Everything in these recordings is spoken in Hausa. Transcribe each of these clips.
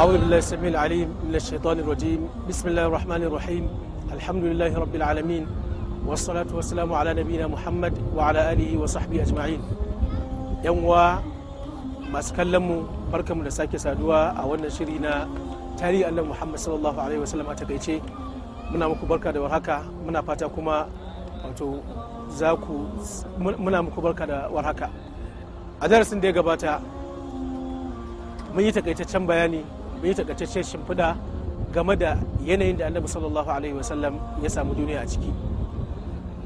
أعوذ بالله السميع العليم من الشيطان الرجيم بسم الله الرحمن الرحيم الحمد لله رب العالمين والصلاة والسلام على نبينا محمد وعلى آله وصحبه أجمعين yanwa masu kallon mu barkamu da sake saduwa a wannan shiri na tarihi Allah Muhammad sallallahu alaihi wasallam a takaice muna muku kuma wato za ku muna muku barka da warhaka a darasin da ya gabata mun yi takaitaccen bayani bai takaitaccen shimfida game da yanayin da annabi sallallahu alaihi wasallam ya samu duniya a ciki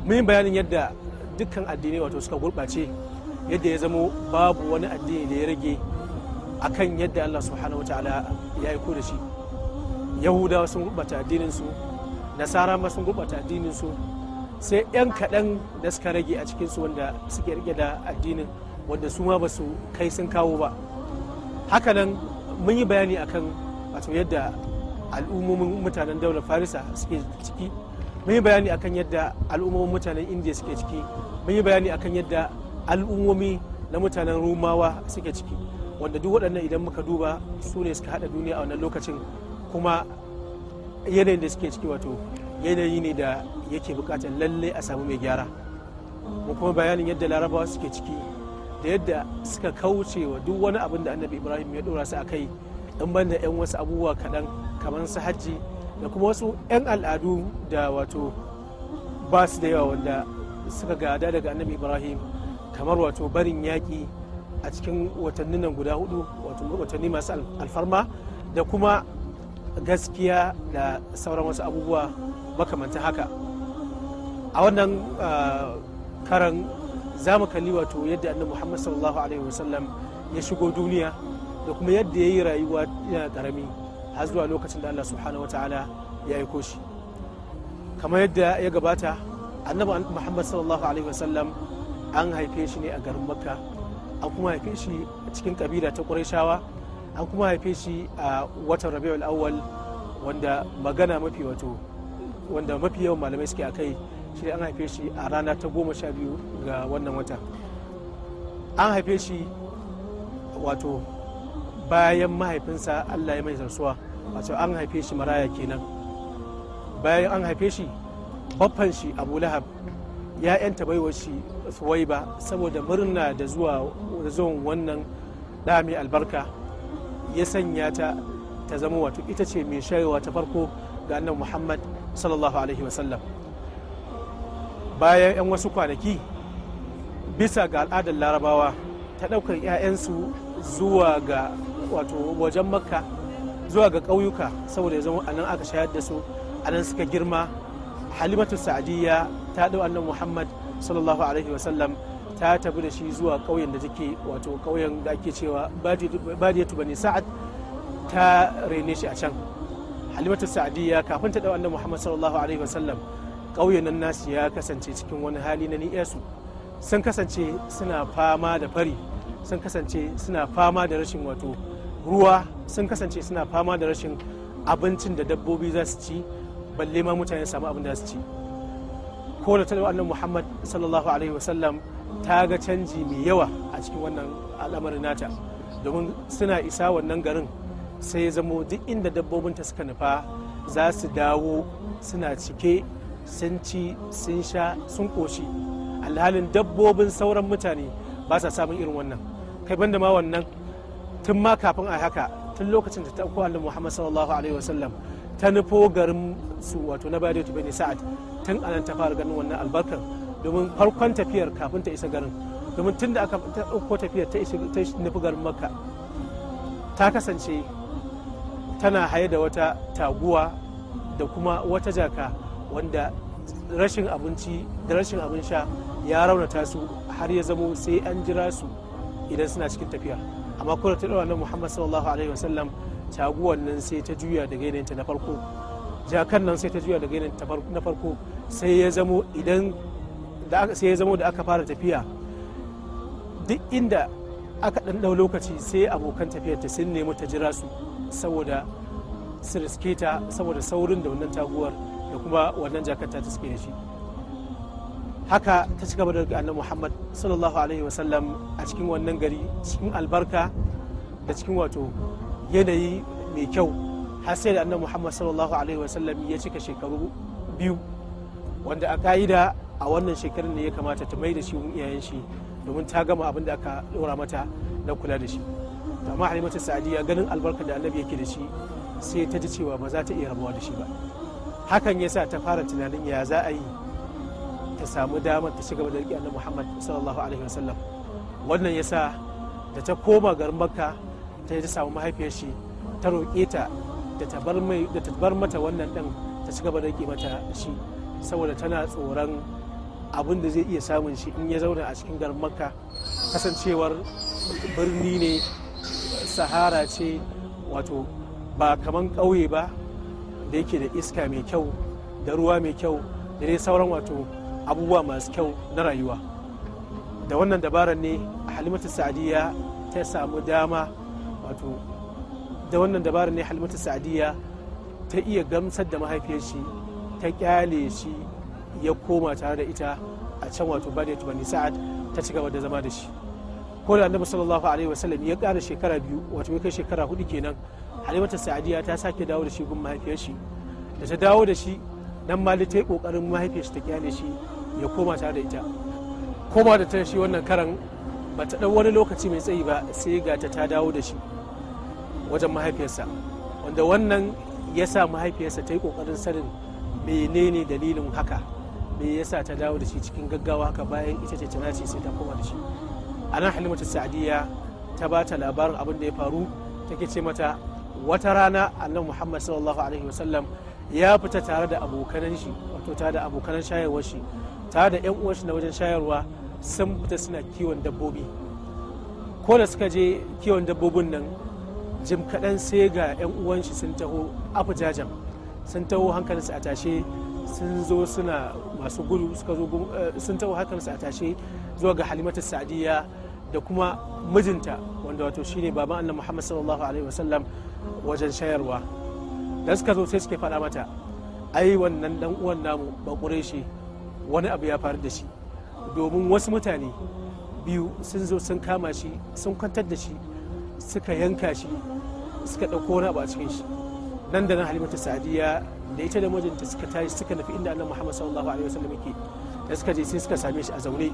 mun bayanin yadda dukkan addinai wato suka gurɓace yadda ya zamo babu wani addini da ya rage akan yadda Allah subhanahu wa ta'ala ya aiko da shi yahudawa sun gurɓata addininsu nasara ma sun gurɓata su sai 'yan kaɗan da suka rage a cikin su wanda suke rike da addinin wanda su ma ba su kai sun kawo ba hakanan mun yi bayani akan wato yadda al'ummomin mutanen daular farisa suke ciki mun yi bayani akan yadda al'ummomin mutanen indiya suke ciki mun yi bayani akan yadda al'ummomi na mutanen rumawa suke ciki wanda duk waɗannan idan muka duba su ne suka haɗa duniya a wannan lokacin kuma yanayin da suke ciki wato yanayi ne da yake buƙatar lallai a samu mai gyara mu kuma bayanin yadda larabawa suke ciki da yadda suka kauce wa duk wani abin da annabi ibrahim ya dora su a kai in banda 'yan wasu abubuwa kaɗan kamar su hajji da kuma wasu 'yan al'adu da wato ba su da yawa wanda suka gada daga annabi ibrahim kamar wato barin yaƙi a cikin watanni nan guda hudu wato watanni masu alfarma da kuma gaskiya da sauran wasu abubuwa makamantan haka a wannan ah, karan za mu kalli wato yadda annabi muhammad sallallahu alaihi wasallam ya shigo duniya da kuma yadda ya yi rayuwa yana karami har zuwa lokacin da allah subhanahu wa ta'ala ya aiko shi kamar yadda ya gabata annabi muhammad sallallahu alaihi wasallam an haife shi ne a garin makka an kuma haife shi a cikin kabila ta ƙurashawa an kuma haife shi a watan rabiul awwal wanda magana mafi wato wanda mafi yawan malamai suke a kai shi an haife shi a rana ta goma sha biyu ga wannan wata an haife shi wato bayan mahaifinsa allah ya mai zarsuwa wato an haife shi maraya kenan bayan an haife shi baffan shi abu lahab ya yanta baiwa shi suwaiba saboda murna da zuwa zuwan wannan da mai albarka ya sanya ta ta zama wato ita ce mai shayarwa ta farko ga annabi muhammad sallallahu alaihi wasallam bayan 'yan wasu kwanaki bisa ga al'adar larabawa ta ɗaukar 'ya'yansu zuwa ga wato wajen makka zuwa ga ƙauyuka saboda ya zama a nan aka shayar da su a nan suka girma halimatu sa'adiyya ta ɗau annan muhammad sallallahu alaihi wasallam ta tafi da shi zuwa ƙauyen da take wato ƙauyen da ake cewa badiyatu bani sa'ad ta rene shi a can halimatu sa'adiyya kafin ta ɗau annan muhammad sallallahu alaihi wasallam ƙauyen nan nasu ya kasance cikin wani hali na ni'yasu sun kasance suna fama da fari sun kasance suna fama da rashin wato ruwa sun kasance suna fama da rashin abincin da dabbobi za su ci balle ma mutane samu abin da su ci ko da ta annabi muhammad sallallahu alaihi wasallam ta ga canji mai yawa a cikin wannan al'amarin nata domin suna isa wannan garin sai zamo duk inda dabbobin ta suka nufa za su dawo suna cike sun ci sun sha sun koshi. alhalin dabbobin sauran mutane ba sa samun irin wannan kai banda ma wannan tun ma kafin a haka tun lokacin da ta ko Allah Muhammad sallallahu alaihi wasallam ta nufo garin su wato na Badatu bani Sa'ad tun anan ta fara ganin wannan albarkar domin farkon tafiyar kafin ta isa garin domin tun da aka ɗauko tafiyar ta nufi garin makka ta kasance tana haye da wata taguwa da kuma wata jaka wanda rashin abinci da rashin abin sha ya raunata su har ya zamo sai an jira su idan suna cikin tafiya amma ko da ta dora na muhammad sallallahu alaihi wasallam taguwan nan sai ta juya daga yanayin ta na farko jakan nan sai ta juya daga yanayin ta na farko sai ya zamo idan sai ya zamo da aka fara tafiya duk inda aka dan dau lokaci sai abokan tafiyar ta sun nemi ta jira su saboda su riske ta saboda saurin da wannan taguwar da kuma wannan jakarta ta suke da shi haka ta ci gaba da annabi muhammad sallallahu alaihi wasallam a cikin wannan gari cikin albarka da cikin wato yanayi mai kyau har sai da annabi muhammad sallallahu alaihi wasallam ya cika shekaru biyu wanda a ka'ida a wannan shekarun ne ya kamata ta mai da shi iyayen shi domin ta gama abin da aka dora mata na kula da shi to amma halimatu sa'adiya ganin albarkar da annabi yake da shi sai ta ji cewa ba za ta iya rabuwa da shi ba hakan yasa ta fara tunanin ya za a yi ta samu damar ta shiga da riƙe annabi Muhammad sallallahu alaihi wasallam wannan yasa da ta koma garin Makka ta ta samu mahaifiyar shi ta roƙe ta da ta bar mai da ta bar mata wannan din ta shiga da riƙe mata shi saboda tana tsoron abin da zai iya samun shi in ya zauna a cikin garin Makka kasancewar birni ne sahara ce wato ba kaman ƙauye ba da yake da iska mai kyau da ruwa mai kyau da dai sauran wato abubuwa masu kyau na rayuwa da wannan dabarar ne halimatu sa'adiyya ta samu dama wato da wannan dabarar ne halimatu sa'adiyya ta iya gamsar da mahaifiyar shi ta kyale shi ya koma tare da ita a can wato badiyat bani sa'ad ta ci gaba da zama da shi ko da annabi sallallahu alaihi wasallam ya kara shekara biyu wato ya kai shekara hudu kenan halimatu sa'adiyya ta sake dawo da shi gun mahaifiyar shi da ta dawo da shi dan mali ta yi kokarin mahaifiyarsa ta kyale shi ya koma tare da ita koma da ta shi wannan karan ba ta dan wani lokaci mai tsayi ba sai ga ta ta dawo da shi wajen mahaifiyarsa wanda wannan ya sa mahaifiyarsa ta yi kokarin sanin menene dalilin haka me yasa ta dawo da shi cikin gaggawa haka bayan ita ce tana ce sai ta koma da shi a nan halimatu sa'adiyya ta ba ta labarin abin da ya faru take ce mata wata rana annabi muhammad sallallahu alaihi wasallam ya fita tare da abokanan shi wato tare da abokanan shayarwar shi tare da yan uwan shi na wajen shayarwa sun fita suna kiwon dabbobi ko da suka je kiwon dabbobin nan jim kaɗan sai ga yan uwan shi sun taho afujajan sun taho hankalinsu a tashe sun zo suna masu gudu suka zo eh, sun taho hankalinsu a tashe zuwa ga halimatu sa'diya da kuma mijinta wanda wato shine baban annabi muhammad sallallahu alaihi wasallam wajen shayarwa da suka zo sai suke faɗa mata ai wannan dan uwan namu ba shi wani abu ya faru da shi domin wasu mutane biyu sun zo sun kama shi sun kwantar da shi suka yanka shi suka ɗauko wani abu a cikin shi nan da nan halimatu sadiya da ita da mijinta suka tashi suka nufi inda annabi muhammad sallallahu alaihi wasallam yake da suka je sai suka same shi a zaune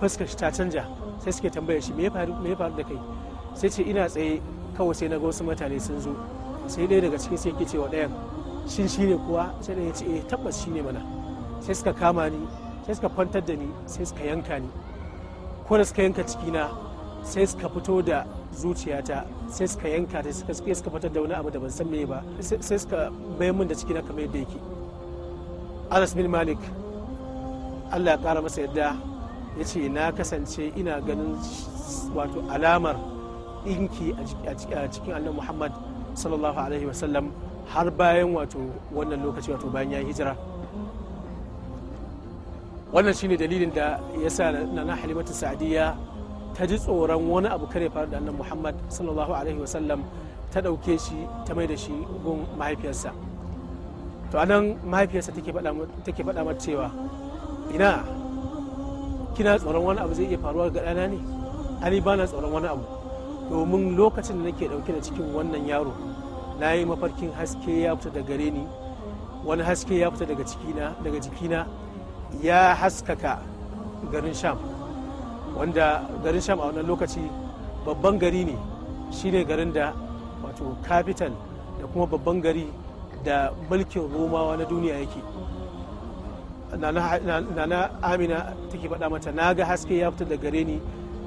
fuskar shi ta canja sai suke tambayar shi me ya faru da kai sai ce ina tsaye kawai sai na ga wasu mutane sun zo sai ɗaya daga cikin sai kicewa cewa ɗayan shin shi ne kuwa sai ɗaya ce eh, tabbas shi ne mana sai suka kama ni sai suka fantar da ni sai suka yanka ni ko da suka yanka cikina sai suka fito da zuciyata sai suka yanka ta suka suka fitar da wani abu da ban san meye ba sai suka bayan min da cikina kamar yadda yake Anas bin Malik Allah ya kara masa yadda ya ce na kasance ina ganin wato alamar ɗinki a cikin Allah Muhammad sallallahu alaihi wasallam har bayan wato wannan lokaci wato bayan ya hijira wannan shine dalilin da ya sa na halimatu sa'adiyya ta ji tsoron wani abu kare faru da annan muhammad sallallahu alaihi wasallam ta ɗauke shi ta mai da shi gun mahaifiyarsa to anan mahaifiyarsa take faɗa mata cewa ina kina tsoron wani abu zai iya faruwa ga ɗana ne ani ba na tsoron wani abu domin lokacin da nake dauke da cikin wannan yaro na yi mafarkin haske ya fita daga gare ni wani haske ya fita daga cikina daga jikina ya haskaka garin sham wanda garin sham a wannan lokaci babban gari ne shine garin da wato capital da kuma babban gari da mulkin romawa na duniya yake nana amina take faɗa mata na ga haske ya fita daga gare ni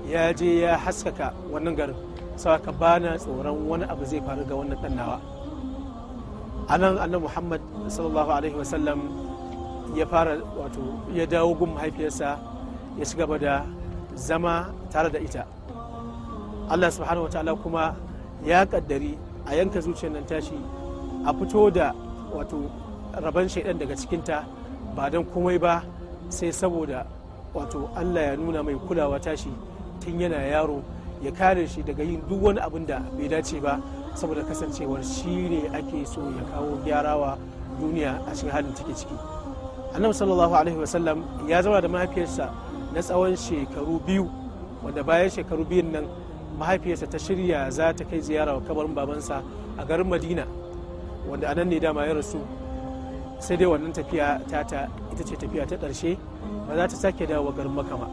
ya je ya haskaka wannan garin ba bana tsoron wani abu zai faru ga wannan ɗannawa anan annabi muhammad sallallahu alaihi wasallam ya fara wato ya dawo gun mahaifiyarsa ya ci gaba da zama tare da ita allah subhanahu wa ta'ala kuma ya kaddari a yanka zuciyar nan tashi a fito da wato shaiɗan shaidan daga cikinta ba don komai ba sai saboda wato allah ya nuna mai kulawa tashi tun yana yaro ya kare shi daga yin duk wani abin da bai dace ba saboda kasancewar shi ne ake so ya kawo gyara wa duniya a cikin halin take ciki annabi sallallahu alaihi wasallam ya zama da mahaifiyarsa na tsawon shekaru biyu wanda bayan shekaru biyun nan mahaifiyarsa ta shirya za ta kai ziyara wa kabarin babansa a garin madina wanda anan ne dama ya rasu sai dai wannan tafiya ta ita ce tafiya ta ƙarshe ba za ta sake dawo garin makama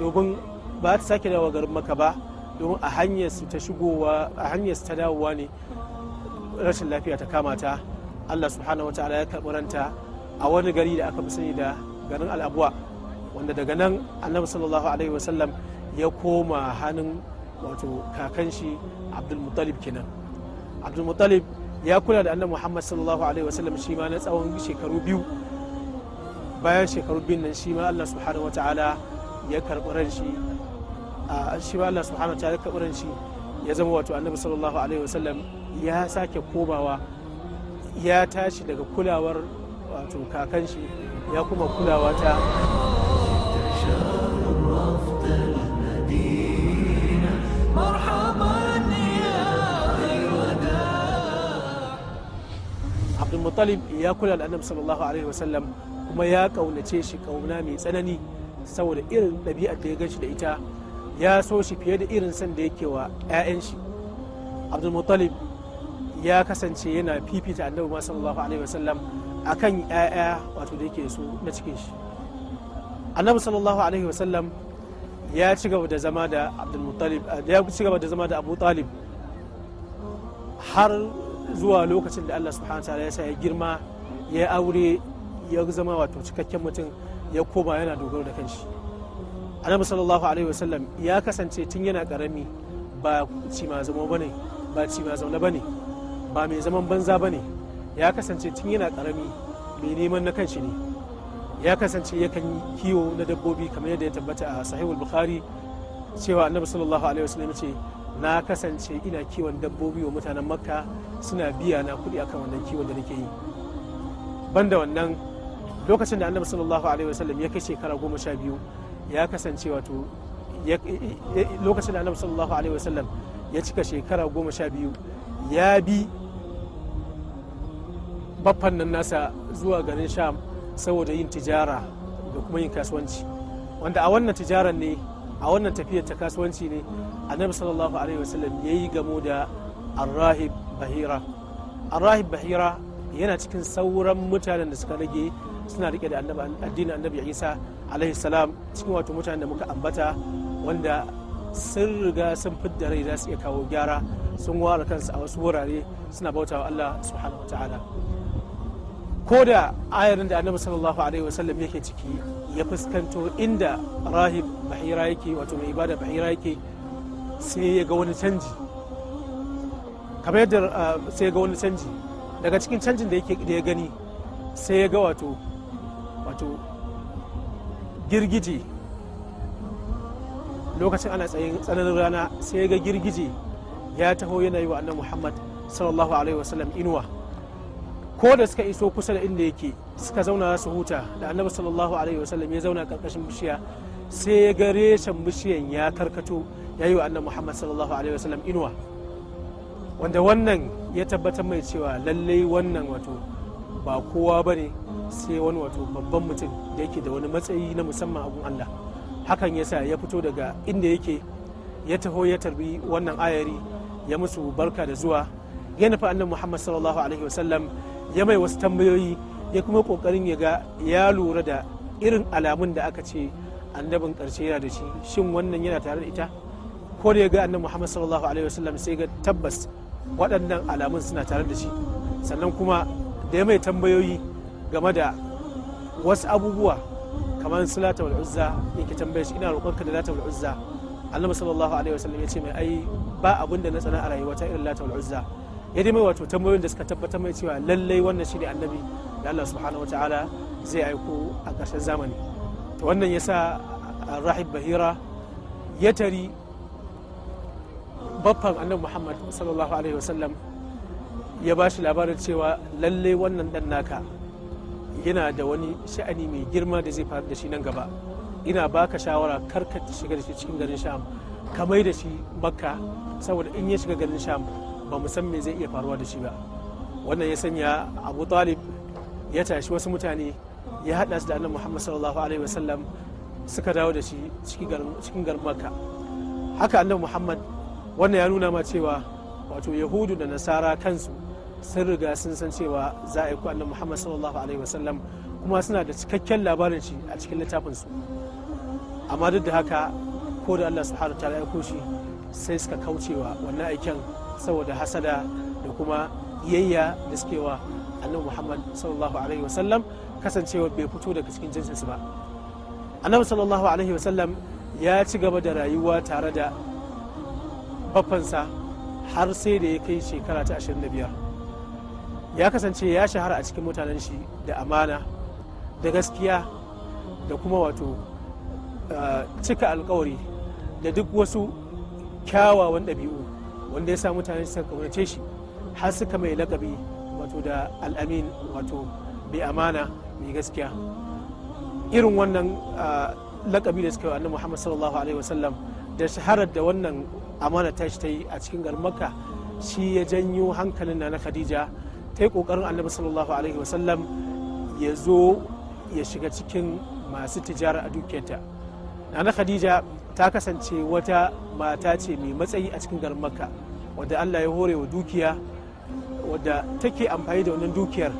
domin ba ta sake dawowa garin maka ba don a hanyar su ta shigowa a hanyar su ta dawowa ne rashin lafiya ta kamata ta Allah subhanahu ta'ala ya karɓi ranta a wani gari da aka fi sani da garin al'abuwa wanda daga nan annabi sallallahu alaihi wa sallam ya koma hannun wato kakan shi abdulmutalib kenan abdulmutalib ya kula da annabi muhammad sallallahu alaihi wasallam shi ma na tsawon shekaru biyu bayan shekaru biyun nan shi ma allah subhanahu wa ta'ala ya karɓi ran shi a shi ma Allah subhanahu wa ta'ala karɓi ran shi ya zama wato annabi sallallahu alaihi wasallam ya sake komawa ya tashi daga kulawar wato kakan shi ya kuma kulawa ta abdulmutalib ya kula da annabi sallallahu alaihi wasallam kuma ya kaunace shi kauna mai tsanani saboda irin ɗabi'ar da ya gan shi da ita ya so shi fiye da irin san da yake wa 'ya'yan shi abdulmuttalib ya kasance yana fifita annabi ma sallallahu alaihi wasallam akan 'ya'ya wato da yake so na cikin shi annabi sallallahu alaihi wasallam ya ci gaba da zama da ya ci gaba da zama da abu talib har zuwa lokacin da allah subhanahu wa ta'ala ya sa ya girma ya aure ya zama wato cikakken mutum ya koma yana dogaro da kanshi annabi sallallahu alaihi wasallam ya kasance tun yana karami ba ci ma zama bane ba ci ma zaune bane ba mai zaman banza bane ya kasance tun yana karami mai neman na kanshi ne ya kasance yakan yi kiwo na dabbobi kamar yadda ya tabbata a sahihul bukhari cewa annabi sallallahu alaihi wasallam ce na kasance ina kiwon dabbobi wa mutanen makka suna biya na kuɗi akan wannan kiwon da nake yi banda wannan lokacin da annabi sallallahu alaihi wasallam ya kai shekara goma sha biyu ya kasance wato lokacin da annabi sallallahu alaihi wasallam ya cika shekara goma sha biyu ya bi baffan nan nasa zuwa garin sham saboda yin tijara da kuma yin kasuwanci wanda a wannan tijaran ne a wannan tafiyar ta kasuwanci ne annabi sallallahu alaihi wasallam ya yi gamo da arrahib bahira arrahib bahira yana cikin sauran mutanen da suka rage suna rike da addinin annabi isa alaihi salam cikin wato mutanen da muka ambata wanda sun riga sun fidda rai za su iya kawo gyara sun ware kansu a wasu wurare suna bautawa allah subhanahu wataala ko da ayarin da annabi sallallahu alaihi wasallam yake ciki ya fuskanto inda rahib bahira yake wato mai ibada bahira yake sai ya ga wani canji kamar yadda ah, sai ya ga wani canji daga cikin canjin da ya gani sai ya ga wato wato girgije lokacin ana tsayin tsananin rana sai ga girgije ya taho yana yi wa annan muhammad sallallahu alaihi wasallam inuwa ko da suka iso kusa da inda yake suka zauna su huta da annabi sallallahu alaihi wasallam ya zauna karkashin bishiya sai ya ga reshen bishiyan ya karkato ya yi wa annan muhammad sallallahu alaihi wasallam inuwa wanda wannan ya tabbatar mai cewa lallai wannan wato ba kowa ba ne sai wani wato babban mutum da yake da wani matsayi na musamman abun Allah hakan yasa ya fito daga inda yake ya taho ya tarbi wannan ayari ya musu barka da zuwa ya nufi annabi Muhammad sallallahu alaihi wasallam ya mai wasu tambayoyi ya kuma kokarin ya ga ya lura da irin alamun da aka ce annabin karshe yana da shi shin wannan yana tare da ita ko da ya ga annabi Muhammad sallallahu alaihi wasallam sai ga tabbas waɗannan alamun suna tare da shi sannan kuma da ya mai tambayoyi game da wasu abubuwa kamar su lata wal uzza yake tambaye shi ina roƙonka da lata wal uzza annabi sallallahu alaihi wasallam ya ce mai ai ba abin da na tsana a rayuwata irin lata wal uzza ya dai mai wato tambayoyin da suka tabbatar mai cewa lallai wannan shine annabi da Allah subhanahu wataala zai aiko a ƙarshen zamani to wannan yasa rahib bahira ya tari baffan annabi muhammad sallallahu alaihi wasallam ya ba shi labarin cewa lalle wannan dan naka yana da wani sha'ani mai girma da zai faru da shi nan gaba ina baka shawara ka shiga da shi cikin garin sham ka mai da shi makka saboda in ya shiga garin sham ba mu san me zai iya faruwa da shi ba wannan ya sanya abu talib ya tashi wasu mutane ya haɗa su da annabi muhammad sallallahu alaihi wasallam suka dawo da shi cikin garin makka haka annabi muhammad wannan ya nuna ma cewa wato yahudu da nasara kansu sun riga sun san cewa za a yi ku muhammad sallallahu alaihi wasallam kuma suna da cikakken labarin shi a cikin littafin su amma duk da haka ko da allah subhanahu ta aiko shi sai suka kaucewa wannan aikin saboda hasada da kuma yayya da wa annabi muhammad sallallahu alaihi wasallam kasancewa bai fito daga cikin jinsinsu ba annabi sallallahu alaihi wasallam ya ci gaba da rayuwa tare da baffansa har sai da ya kai shekara ta 25 ya kasance ya shahara a cikin mutanen shi da amana da gaskiya da kuma wato eh, cika alkawari da duk wasu kyawawan ɗabi'u wanda ya sa mutane suka kaunace shi har suka mai lakabi wato da al'amin wato bai amana mai gaskiya irin wannan eh, lakabi da suka yi annabi muhammad sallallahu alaihi wasallam da shaharar da wannan amana ta shi ta yi a cikin garin makka shi ya janyo hankalin na na khadija ta yi ƙoƙarin annabi sallallahu alaihi wasallam ya zo ya shiga cikin masu tijara a dukiyarta nana khadija ta kasance wata mata ce mai matsayi a cikin garin makka wadda allah ya hore wa dukiya wadda take amfani da wannan dukiyar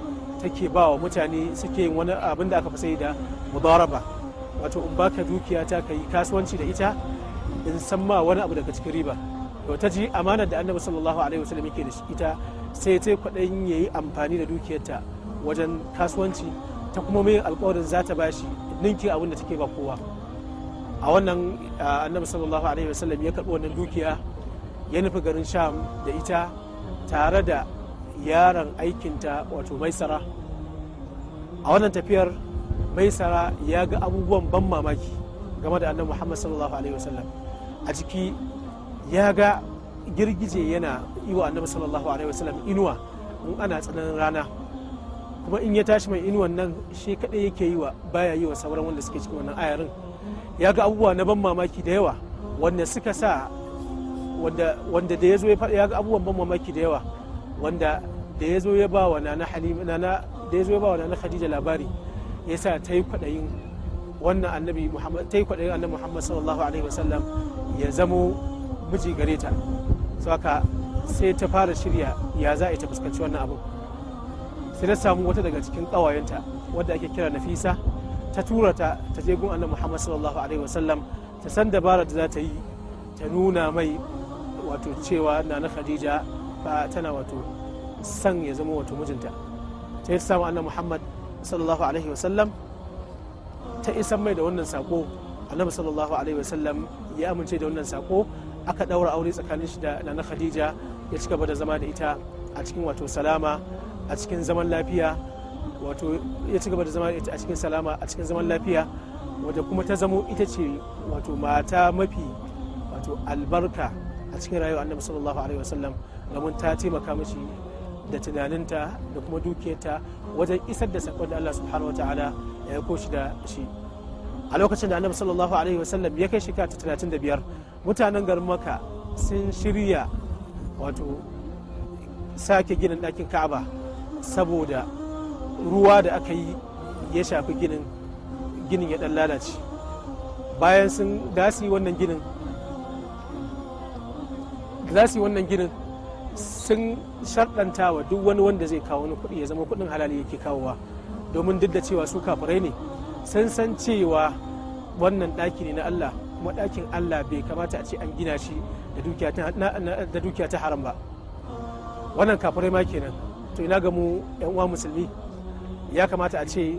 take ba wa mutane suke yin wani abin da aka fi sai da mudaraba wato in baka dukiya ta kai kasuwanci da ita in san ma wani abu daga cikin riba to ta ji amanar da annabi sallallahu alaihi wasallam yake da ita sai ta kwaɗayin ya yi amfani da dukiyarta wajen kasuwanci ta kuma mai alkawarin za ta bashi ninki abin da take ba kowa a wannan annabi sallallahu alaihi wasallam ya karɓi wannan dukiya ya nufi garin sham da ita tare da yaron aikinta wato maisara a wannan tafiyar maisara ya ga abubuwan ban mamaki game da annabi muhammad sallallahu alaihi wasallam a ciki ya ga girgije yana yi wa annabi sallallahu alaihi wasallam inuwa in ana tsananin rana kuma in ya tashi mai inuwan nan shi kadai yake yi wa baya yi wa sauran wanda suke cikin wannan ayarin ya ga abubuwa na ban mamaki da yawa wanda suka sa wanda da ya zo ya ga abubuwan ban mamaki da yawa wanda da ya zo ya ba wa nana halima nana da ya ya ba wa nana khadija labari sa ta yi kwaɗayin wannan annabi muhammad ta yi kwaɗayin annabi muhammad sallallahu alaihi wasallam ya zamo miji gare ta saka sai ta fara shirya ya za a ta fuskanci wannan abu sai na samu wata daga cikin kawayenta wadda ake kira nafisa ta tura ta ta je gun annabi muhammad sallallahu alaihi wasallam ta san dabarar da za ta yi ta nuna mai wato cewa nana khadija ba tana wato san ya zama wato mijinta ta yi samu annabi muhammad sallallahu alaihi wasallam ta isa mai da wannan sako annabi sallallahu alaihi wasallam ya amince da wannan sako aka ɗaura aure tsakanin shi da nana khadija ya ci gaba da zama da ita a cikin wato salama a cikin zaman lafiya wato ya ci gaba da zama da ita a cikin salama a cikin zaman lafiya wadda kuma ta zamo ita ce wato mata mafi wato albarka a cikin rayuwar annabi sallallahu alaihi wasallam domin ta taimaka mishi da tunaninta da kuma dukiyarta wajen isar da sakon da Allah subhanahu wataala ya aiko shi da shi a lokacin da annabi sallallahu alaihi wasallam ya kai shekara ta 35 mutanen garin maka sun shirya wato sake ginin ɗakin ka'aba saboda ruwa da aka yi ya shafi ginin ginin ya ɗan lalace bayan sun dasi wannan ginin dasi wannan ginin sun sharɗanta wa duk wani wanda zai kawo wani kuɗi ya zama kuɗin halali yake kawowa domin duk da cewa su kafirai ne sun san cewa wannan ɗaki ne na Allah kuma ɗakin Allah bai kamata a ce an gina shi da dukiya ta haram ba wannan kafirai ma kenan to ina ga mu yan uwa musulmi ya kamata a ce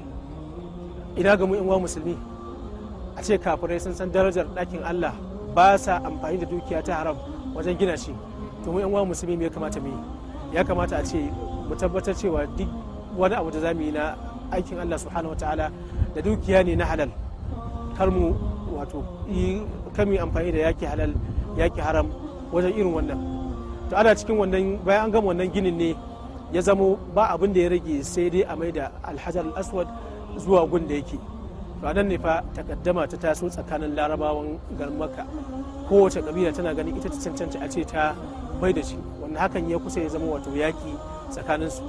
ina ga mu yan uwa musulmi a ce kafirai sun san darajar dakin Allah ba sa amfani da dukiya ta haram wajen gina shi to mu yan uwa musulmi me ya kamata mu yi ya kamata a ce mu tabbatar cewa duk wani abu da zamu yi na aikin Allah subhanahu wataala da dukiya ne na halal kar mu wato yi kami amfani da yaki halal yaki haram wajen irin wannan to ana cikin wannan bayan an gama wannan ginin ne ya zamo ba abin da ya rage sai dai a mai da alhajar aswad zuwa gun da yake nan ne fa takaddama ta taso tsakanin larabawan garin makka kowace kabila tana ganin ita ta cancanta a ce ta bai da shi wanda hakan ya kusa ya zama wato yaki tsakanin su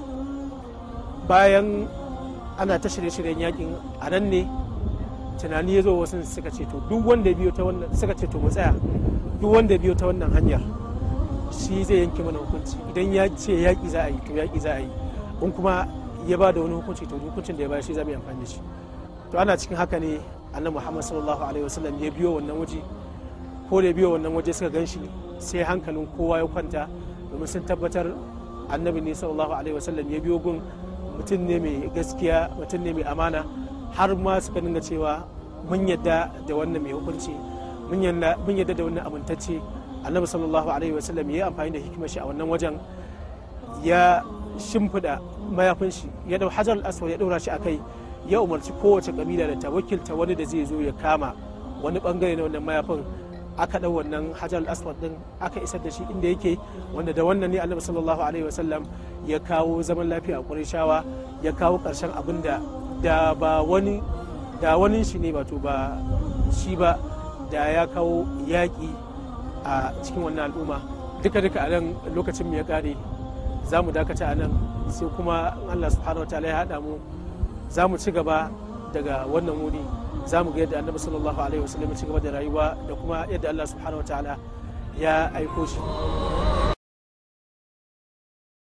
bayan ana ta shirye-shiryen yakin a nan ne tunani ya zo wasu suka ce to duk wanda biyo ta wannan suka ce to mu tsaya duk wanda biyo ta wannan hanyar shi zai yanke mana hukunci idan ya ce yaƙi za a yi to yaƙi za a yi in kuma ya ba da wani hukunci to hukuncin da ya bayar shi za mu yi amfani da shi to ana cikin haka ne annabi muhammad sallallahu alaihi wasallam ya biyo wannan waje ko da biyo wannan waje suka gan shi sai hankalin kowa ya kwanta domin sun tabbatar annabi ne sallallahu alaihi wasallam ya biyo gun mutum ne mai gaskiya mutum ne mai amana har ma suka dinga cewa mun yadda da wannan mai hukunci mun yadda da wannan amintacce annabi sallallahu alaihi wasallam ya yi amfani da hikimar shi a wannan wajen ya shimfiɗa mayafin shi ya dau hajar al-aswad ya ɗora shi akai ya umarci kowace kabila da ta wakilta wani da zai zo ya kama wani bangare na wannan mayafin aka dau wannan hajar al-aswad din aka isar da shi inda yake wanda da wannan ne annabi sallallahu alaihi wasallam ya kawo zaman lafiya a ƙurishawa ya kawo ƙarshen abin da da ba wani da wani shi ne wato ba shi ba da ya kawo yaƙi a cikin wannan al'umma duka-duka a nan lokacin mu ya ƙare za mu dakata a nan sai kuma allah subhanahu wataala ya haɗa mu za mu ci gaba daga wannan wuri za mu ga yadda annabi sallallahu alaihi wasallam ya ci gaba da rayuwa da kuma yadda allah subhanahu wataala ya aiko shi